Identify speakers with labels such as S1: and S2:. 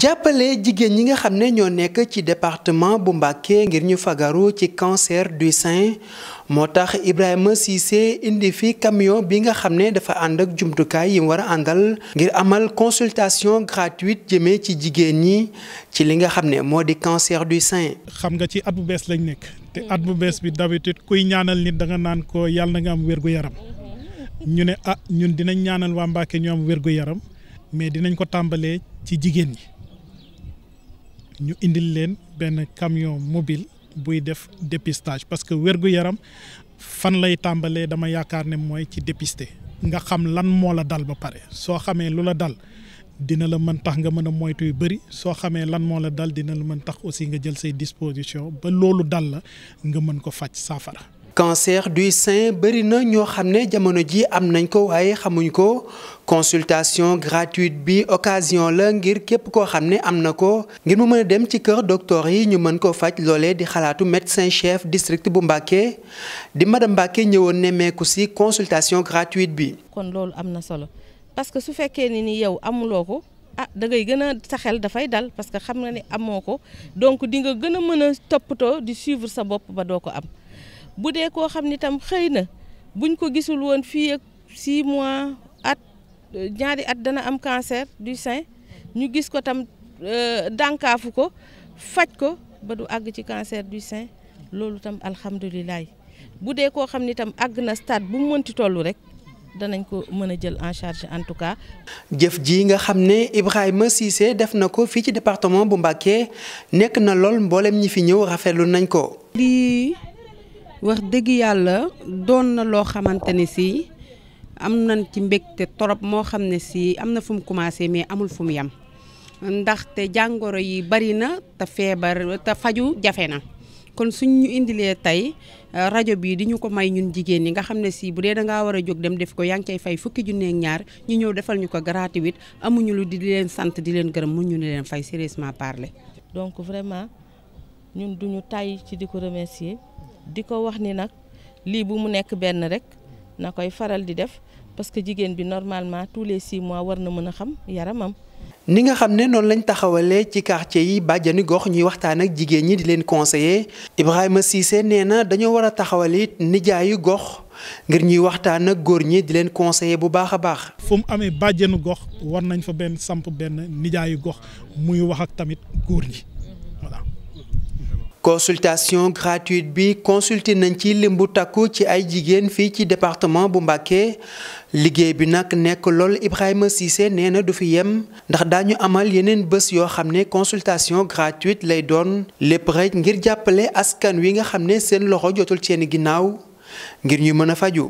S1: jàppale jigéen ñi nga xam ne ñoo nekk ci département bu Mbacké ngir ñu fagaru ci cancer du sein moo tax Ibrahima Cissé indi fi camion bi nga xam ne dafa ànd ak jumtukaay yi mu war a àndal ngir amal consultation gratuite jëmee ci jigéen ñi ci li nga xam ne moo di cancer duy sein. xam nga ci
S2: at bu bees lañ nekk te at bu mm-hmm. bees bi d'habitude kuy ñaanal nit da nga naan ko yàlla na nga am wér gu yaram mm-hmm. ñu ne ah ñun dinañ ñaanal waa Mbacké ñu am wér gu yaram mais dinañ ko tàmbalee ci jigéen ñi. ñu indil leen benn camion mobile buy def dépistage parce que wérgu yaram fan lay tàmbalee dama yaakaar ne mooy ci dépister nga xam lan moo la dal ba pare soo xamee lu la dal dina la mën tax nga mën a moytu yu bëri soo xamee lan moo la dal dina la mën tax aussi nga jël say disposition ba loolu dal la nga mën ko faj saafara
S1: cancer du sein bëri na ñoo xam ne jamono ji am nañ ko waaye xamuñ ko consultation gratuite bi occasion la ngir képp koo xam ne am na ko ngir mu mën a dem ci kër docteur yi ñu mën ko faj loolee di xalaatu médecin chef district bu Mbacké di madame Mbacké ñëwoon nemmeeku ci consultation gratuite bi.
S3: kon loolu am na solo parce que su fekkee ni ni yow amuloo ko. ah da ngay gën a xel dafay dal parce que xam nga ne amoo ko donc di nga gën a mën a toppatoo di suivre sa bopp ba doo ko am bu dee koo xam ni tam xëy na buñ ko gisul woon fii ak 6 mois at ñaari at dana am cancer du sein ñu gis ko tam euh, dànkaafu ko faj ko ba du àgg ci cancer du sein loolu tam alhamdulilah bu dee koo xam ni tam àgg na stade bu mu mënti tollu rek. danañ ko mën a jël en charge en tout cas.
S1: jëf ji nga xam ne Ibrahima Cissé def na ko fii ci département bu Mbacké nekk na lool mboolem ñi fi ñëw rafetlu
S4: nañ ko. wax dëgg yàlla doon na loo xamante ne si am na ci mbégte torop moo xam ne si am na fu mu commencé mais amul fu mu yem te jàngoro yi bari na te feebar te faju jafe na kon suñ ñu indilee tey euh, rajo bii di ñu ko may ñun jigéen ñi nga xam ne si bu dee da ngaa war a jóg dem def ko yaa ngi fay fukki junneeg ñaar ñu ñëw defal ñu ko gratuite amuñu lu di leen sant di leen gërëm mu ñu ne leen fay sérieusement parler.
S3: donc vraiment ñun duñu tay ci di ko remercier. di ko wax ni nag lii bu mu nekk benn rek na koy faral di def parce que jigéen bi normalement tous les six war na mën a xam yaramam.
S1: ni nga xam ne noonu lañ taxawalee ci quartier yi bàjjani gox ñuy waxtaan ak jigéen ñi di leen conseiller Ibrahima Cissé nee na dañoo war a taxawalee it nijaayu gox ngir ñuy waxtaan ak góor ñi di leen conseiller bu baax a baax.
S2: fu mu amee bàjjanu gox war nañ fa benn samp benn nijaayu gox muy wax ak tamit góor ñi.
S1: consultation gratuite bi consulté nañ ci lim bu takku ci ay jigéen fii ci département bu Mbacké liggéey bi nag nekk lool Ibrahima Cissé nee na du fi yem ndax daañu amal yeneen bés yoo xam ne consultation gratuite lay doon lépp rek ngir jàppale askan wi nga xam ne seen loxo jotul seen ginnaaw ngir ñu mën a faju